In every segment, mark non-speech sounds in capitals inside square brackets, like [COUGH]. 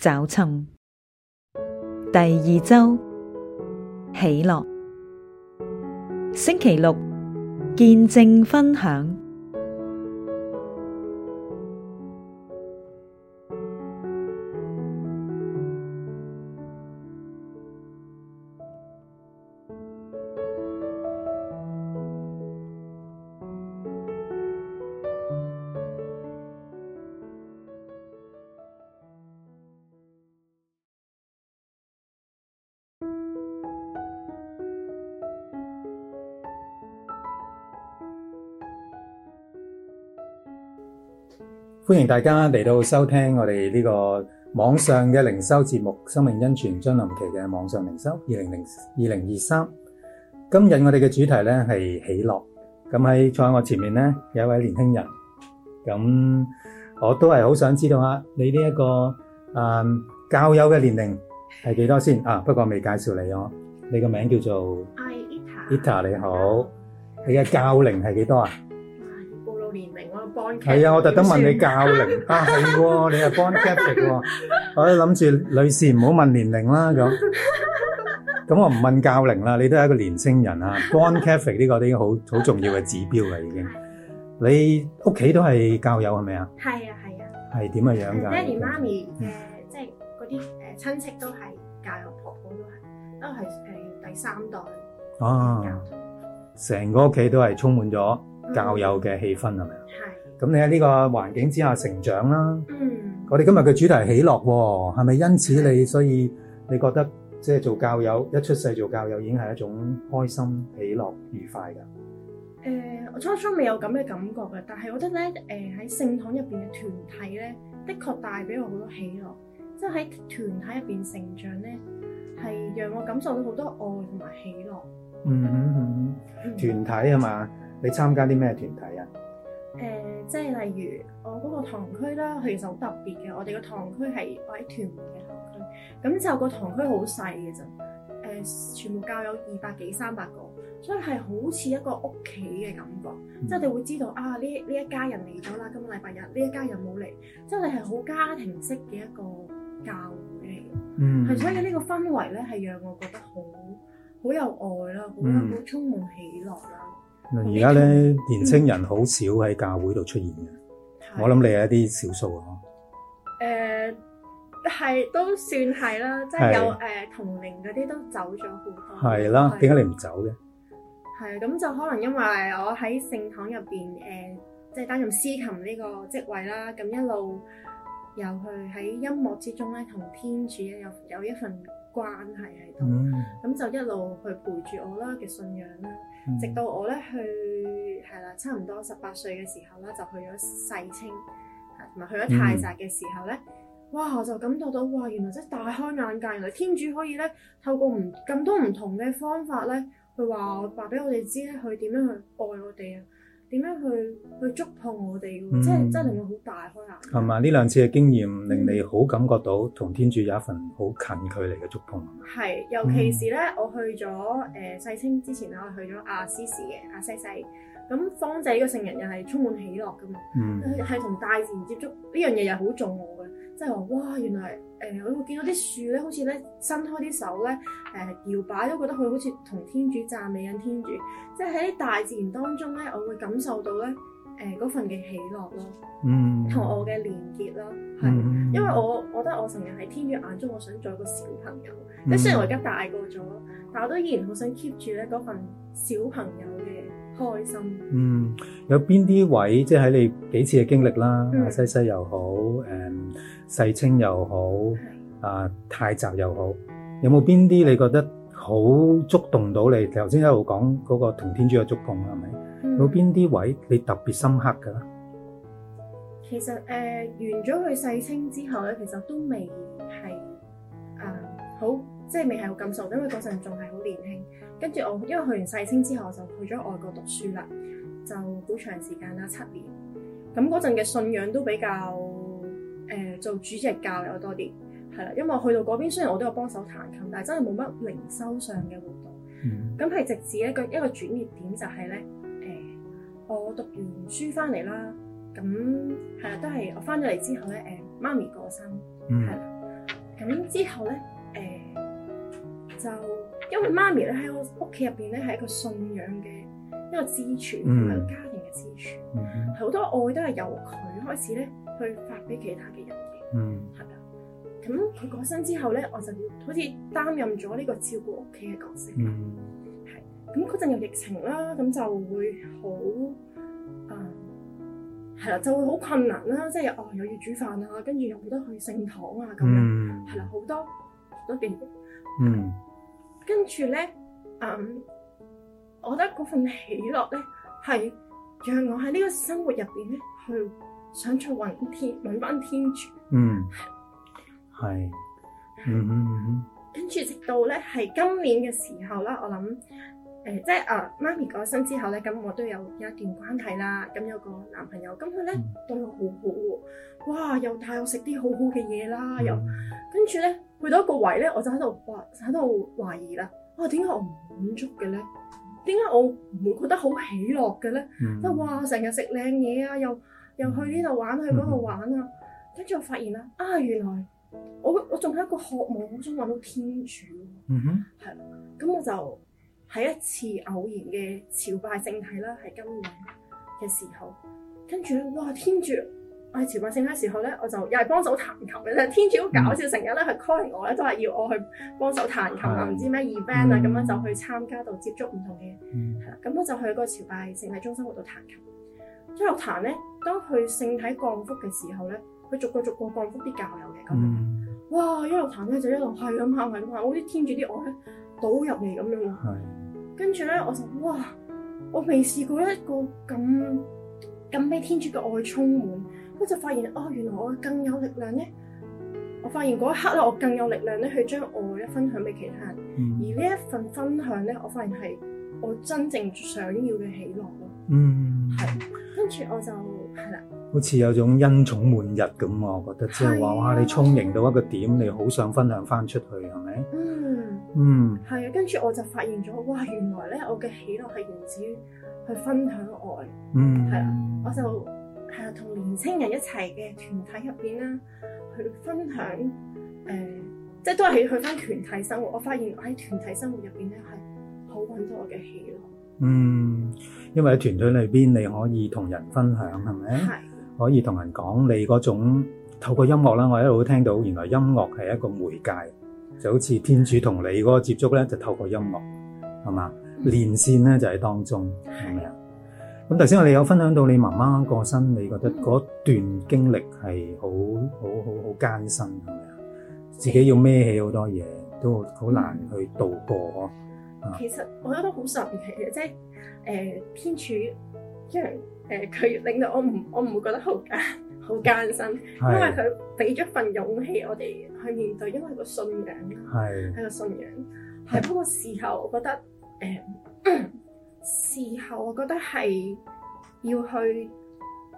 找尋，第二周喜樂，星期六見證分享。歡迎大家嚟到收聽我哋呢個網上嘅靈修節目《生命恩泉》，將臨期嘅網上靈修，二零零二零二三。今日我哋嘅主題咧係喜樂。咁喺坐喺我前面咧有一位年輕人，咁我都係好想知道啊、這個，你呢一個誒教友嘅年齡係幾多先啊？不過未介紹你哦。你個名叫做 Ita，Ita 你好，你嘅教齡係幾多啊？係啊，我特登問你教齡啊，係喎，你係 Born Catholic 喎，我都諗住女士唔好問年齡啦咁，咁我唔問教齡啦，你都係一個年青人啊，Born Catholic 呢個都已經好好重要嘅指標啦已經。你屋企都係教友係咪啊？係啊係啊，係點嘅樣噶？爹哋媽咪嘅即係嗰啲誒親戚都係教友，婆婆都係都係誒第三代。哦，成個屋企都係充滿咗教友嘅氣氛係咪啊？係。咁你喺呢個環境之下成長啦。嗯，我哋今日嘅主題係喜樂喎、哦，係咪因此你所以你覺得即係做教友一出世做教友已經係一種開心喜樂愉快噶？誒，我初初未有咁嘅感覺嘅，但係我覺得咧，誒喺聖堂入邊嘅團體咧，的確帶俾我好多喜樂，即係喺團體入邊成長咧，係讓我感受到好多愛同埋喜樂。嗯嗯嗯，團體啊嘛，你參加啲咩團體啊？誒、呃，即係例如我嗰個堂區啦，其實好特別嘅。我哋個堂區係我喺屯門嘅堂區，咁就個堂區好細嘅啫。誒，全部教友有二百幾三百個，所以係好似一個屋企嘅感覺。嗯、即係你會知道啊，呢呢一家人嚟咗啦，今個禮拜日呢一家人冇嚟，即係你係好家庭式嘅一個教會嚟嘅。嗯，係所以呢個氛圍咧，係讓我覺得好好有愛啦，好有好充滿喜樂啦。而家咧，年青人好少喺教會度出現嘅，嗯、我諗你係一啲少數咯。誒、呃，係都算係啦，即係有誒的、呃、同齡嗰啲都走咗好多。係啦的，點解以你唔走嘅？係咁就可能因為我喺聖堂入邊誒，即係擔任司琴呢個職位啦。咁一路由去喺音樂之中咧，同天主咧有有一份。關係喺度，咁就一路去陪住我啦嘅信仰啦，直到我咧去係啦，差唔多十八歲嘅時候啦，就去咗世青，同埋去咗泰澤嘅時候咧、嗯，哇就感覺到哇原來真係大開眼界，原來天主可以咧透過唔咁多唔同嘅方法咧，去話話俾我哋知咧，佢點樣去愛我哋啊！點樣去去觸碰我哋嘅？即係、嗯、真係令我好大開眼。係嘛？呢兩次嘅經驗令你好感覺到同天主有一份好近距離嘅觸碰。係，尤其是咧，嗯、我去咗誒世青之前咧，去咗亞西西嘅阿西西。咁方濟嘅聖人又係充滿喜樂㗎嘛。嗯，係同大自然接觸呢樣嘢又好重。即係話哇，原來誒我會見到啲樹咧，好似咧伸開啲手咧，誒搖擺都覺得佢好似同天主讚美緊天主。即係喺大自然當中咧，我會感受到咧誒、呃、嗰份嘅喜樂咯，嗯同、mm hmm. 我嘅連結咯，係，mm hmm. 因為我我覺得我成日喺天主眼中，我想做一個小朋友。即、mm hmm. 雖然我而家大個咗，但我都依然好想 keep 住咧嗰份小朋友。開心。嗯，有邊啲位，即係喺你幾次嘅經歷啦，西西又好，誒世青又好，啊泰澤又好，有冇邊啲你覺得好觸動到你？頭先一路講嗰個同天主嘅觸碰啦，係咪？有邊啲位你特別深刻㗎？其實誒，完咗去世青之後咧，其實都未係誒好，即係未係好感受，因為嗰陣仲係好年輕。跟住我，因為去完世青之後，我就去咗外國讀書啦，就好長時間啦，七年。咁嗰陣嘅信仰都比較誒、呃、做主日教友多啲，係啦。因為我去到嗰邊，雖然我都有幫手彈琴，但係真係冇乜靈修上嘅活動。咁係、嗯、直至一個一個轉捩點就呢，就係咧誒，我讀完書翻嚟啦。咁係啦，嗯、都係我翻咗嚟之後咧誒，媽、呃、咪過身。係啦。咁、嗯嗯、之後咧誒、呃、就。因為媽咪咧，喺我屋企入邊咧係一個信仰嘅一個支柱，嗯、同埋一個家庭嘅支柱，係好、嗯嗯、多愛都係由佢開始咧去發俾其他嘅人嘅，係啊、嗯。咁佢過身之後咧，我就要好似擔任咗呢個照顧屋企嘅角色啦。咁嗰陣有疫情啦，咁就會好啊，係、嗯、啦，就會好困難啦。即係哦，又要煮飯啊，跟住又冇得去聖堂啊咁樣，係啦，好多好多嘅多嗯。跟住咧，嗯，我覺得嗰份喜樂咧，係讓我喺呢個生活入邊咧，去想去揾天，揾翻天主。嗯，係， [LAUGHS] 嗯嗯嗯。嗯跟住直到咧，係今年嘅時候啦，我諗，誒、呃，即係、啊、誒媽咪過身之後咧，咁我都有一段關係啦，咁有個男朋友，咁佢咧對我好好、哦、喎，哇，又帶我食啲好好嘅嘢啦，嗯、又跟住咧。去到一個位咧，我就喺度哇，喺度懷疑啦！哇，點解、啊、我唔滿足嘅咧？點解我唔會覺得好喜樂嘅咧？就話我成日食靚嘢啊，又又去呢度玩去嗰度玩啊，跟住、嗯、我發現啦，啊原來我我仲係一個渴望，我想揾到天主，嗯哼，係咁、嗯嗯、我就喺一次偶然嘅朝拜聖體啦，係今年嘅時候，跟住，哇，天主！我係朝拜聖體時候咧，我就又係幫手彈琴嘅啫。天主好搞笑，成日咧佢 call 我咧，都係要我去幫手彈琴啊，唔知咩 event 啊，咁樣就去參加到接觸唔同嘅，係啦。咁我就去個朝拜聖體中心嗰度彈琴，一路彈咧，當佢聖體降福嘅時候咧，佢逐個逐個降福啲教友嘅咁。哇！一路彈咧就一路係咁喊係咁喊，好似天主啲愛咧倒入嚟咁樣喎。跟住咧，我就哇！我未試過一個咁咁俾天主嘅愛充滿。我就發現哦，原來我更有力量咧！我發現嗰一刻咧，我更有力量咧去將愛咧分享俾其他人，嗯、而呢一份分享咧，我發現係我真正想要嘅喜樂咯。嗯，係。跟住我就係啦。好似有種恩寵滿溢咁，我覺得即係話哇，你充盈到一個點，你好想分享翻出去，係咪？嗯。嗯。係啊，跟住我就發現咗哇，原來咧，我嘅喜樂係源自於去分享愛。嗯。係啦，我就。係啊，同年青人一齊嘅團體入邊啦，去分享誒、呃，即係都係去去翻團體生活。我發現我喺團體生活入邊咧，係好搵到我嘅喜樂。嗯，因為喺團隊裏邊，你可以同人分享，係咪？係是。可以同人講你嗰種透過音樂啦。我一路聽到，原來音樂係一個媒介，就好似天主同你嗰個接觸咧，就透過音樂，係嘛？嗯、連線咧就喺、是、當中，係咪啊？咁頭先我哋有分享到你媽媽過身，你覺得嗰段經歷係好好好好艱辛，係咪啊？自己要孭起好多嘢，都好難去度過咯。嗯、其實我覺得好神奇嘅，即係誒天主即係誒佢令到我唔我唔會覺得好艱好艱辛，因為佢俾咗份勇氣我哋去面對，因為個信仰啦，係個信仰。係。不過事後，我覺得誒。呃呃事後我覺得係要去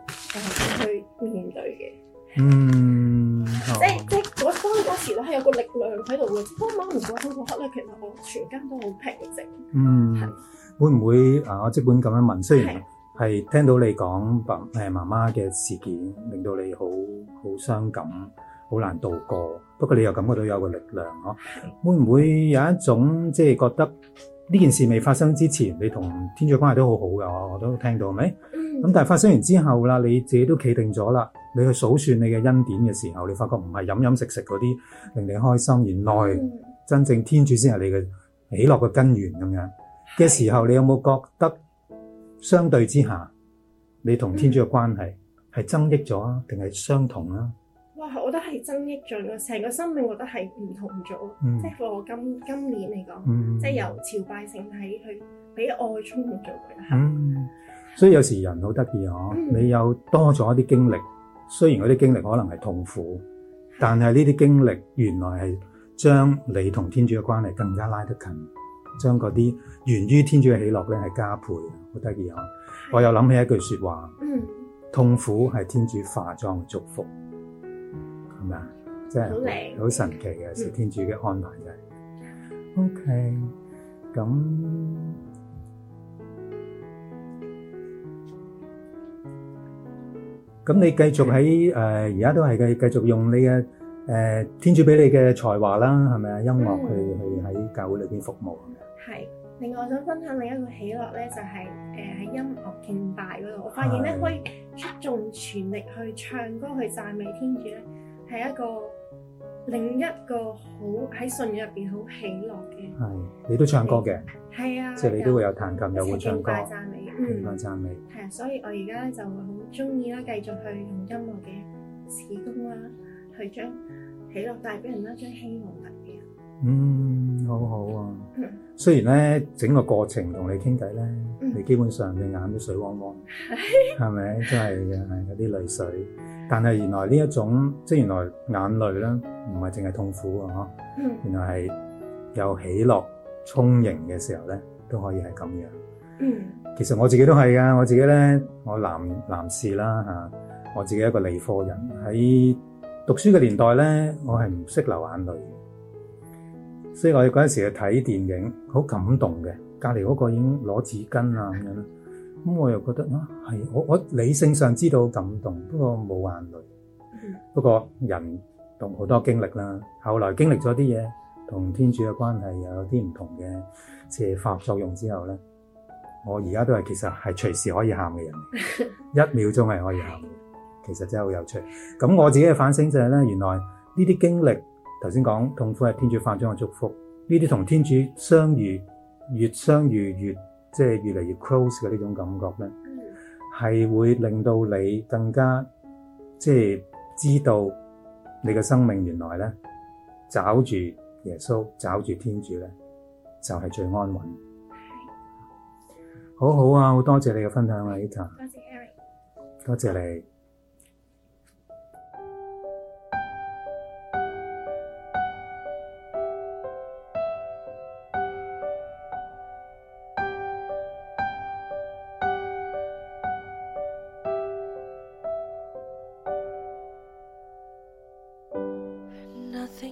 誒去面對嘅，嗯，即係即係嗰生嗰時咧，係有個力量喺度嘅。媽媽唔過身嗰刻咧，其實我全家都好平靜。嗯，係會唔會誒？我即管咁樣問，雖然係聽到你講爸誒媽媽嘅事件，令到你好好傷感，好難度過。不過你又感覺到有個力量，嗬？會唔會有一種即係覺得？呢件事未發生之前，你同天主關係都好好嘅，我都聽到係咪？咁但係發生完之後啦，你自己都企定咗啦。你去數算你嘅恩典嘅時候，你發覺唔係飲飲食食嗰啲令你開心，原來真正天主先係你嘅喜樂嘅根源咁樣。嘅的時候，你有冇覺得相對之下，你同天主嘅關係係增益咗啊，定係相同啊？我得係增益咗，成個生命我覺得係唔同咗。即係、嗯、我今今年嚟講，嗯、即係由朝拜聖體，去俾愛充滿咗佢。嗯，是所以有時人好得意嗬，嗯、你有多咗一啲經歷，雖然嗰啲經歷可能係痛苦，但係呢啲經歷原來係將你同天主嘅關係更加拉得近，將嗰啲源於天主嘅喜樂咧係加倍。好得意嗬！嗯、我又諗起一句說話，嗯、痛苦係天主化妝嘅祝福。係咪啊？真係好神奇嘅，係天主嘅安排嘅。OK，咁咁你繼續喺誒而家都係繼繼續用你嘅誒天主俾你嘅才華啦，係咪啊？音樂去去喺教會裏邊服務。係，另外我想分享另一個喜樂咧，就係誒喺音樂敬拜嗰度，我發現咧可以出盡全力去唱歌去讚美天主咧。係一個另一個好喺信仰入邊好喜樂嘅，係你都唱歌嘅，係啊，即係你都會有彈琴又會唱歌，大讚美，大讚美。係啊，所以我而家咧就好中意啦，繼續去用音樂嘅事工啦，去將喜樂帶俾人啦，將希望帶俾人。嗯，好好啊，雖然咧整個過程同你傾偈咧，你基本上你眼都水汪汪，係咪？真係嘅，係啲淚水。但係原來呢一種，即係原來眼淚咧，唔係淨係痛苦啊！嗬、嗯，原來係有喜樂充盈嘅時候咧，都可以係咁樣。嗯，其實我自己都係噶，我自己咧，我男男士啦嚇，我自己一個理科人，喺讀書嘅年代咧，我係唔識流眼淚嘅，所以我哋嗰陣時去睇電影，好感動嘅，隔離嗰個已經攞紙巾啊咁樣。咁我又覺得啦，係、啊、我我理性上知道好感動，不過冇眼淚。嗯、不過人同好多經歷啦，後來經歷咗啲嘢，同天主嘅關係有啲唔同嘅，即係作用之後咧，我而家都係其實係隨時可以喊嘅人， [LAUGHS] 一秒鐘係可以喊嘅，其實真係好有趣。咁我自己嘅反省就係、是、咧，原來呢啲經歷，頭先講痛苦係天主化妝嘅祝福，呢啲同天主相遇，越相遇越相遇～越即係越嚟越 close 嘅呢種感覺咧，係、嗯、會令到你更加即係知道你嘅生命原來咧，找住耶穌，找住天主咧，就係、是、最安穩、嗯。好好啊，好多謝你嘅分享啊，Ita。多謝 Eric。多謝你。